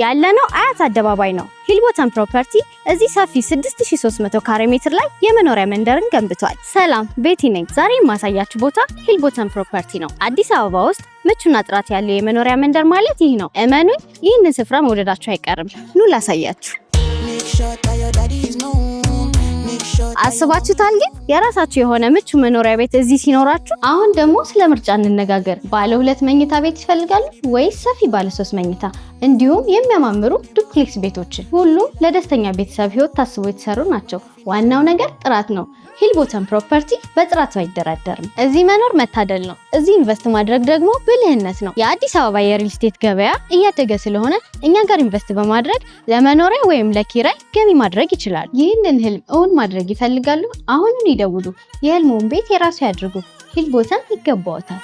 ያለነው አያት አደባባይ ነው። ሂልቦተን ፕሮፐርቲ እዚህ ሰፊ 6300 ካሬ ሜትር ላይ የመኖሪያ መንደርን ገንብቷል። ሰላም ቤቲ ነኝ። ዛሬ የማሳያችሁ ቦታ ሂልቦተን ፕሮፐርቲ ነው። አዲስ አበባ ውስጥ ምቹና ጥራት ያለው የመኖሪያ መንደር ማለት ይህ ነው። እመኑኝ፣ ይህንን ስፍራ መውደዳችሁ አይቀርም። ኑ ላሳያችሁ። አስባችሁታል? ግን የራሳችሁ የሆነ ምቹ መኖሪያ ቤት እዚህ ሲኖራችሁ። አሁን ደግሞ ስለ ምርጫ እንነጋገር። ባለ ሁለት መኝታ ቤት ይፈልጋሉ ወይስ ሰፊ ባለ ሶስት መኝታ እንዲሁም የሚያማምሩ ዱፕሌክስ ቤቶችን? ሁሉም ለደስተኛ ቤተሰብ ህይወት ታስቦ የተሰሩ ናቸው። ዋናው ነገር ጥራት ነው። ሂልቦተን ፕሮፐርቲ በጥራቱ አይደራደርም። እዚህ መኖር መታደል ነው። እዚህ ኢንቨስት ማድረግ ደግሞ ብልህነት ነው። የአዲስ አበባ የሪል ስቴት ገበያ እያደገ ስለሆነ እኛ ጋር ኢንቨስት በማድረግ ለመኖሪያ ወይም ለኪራይ ገቢ ማድረግ ይችላል። ይህንን ህልም እውን ማድረግ ይፈልጋል ይፈልጋሉ? አሁኑን ይደውሉ። የህልሙን ቤት የራሱ ያድርጉ። ቦታ ይገባዎታል።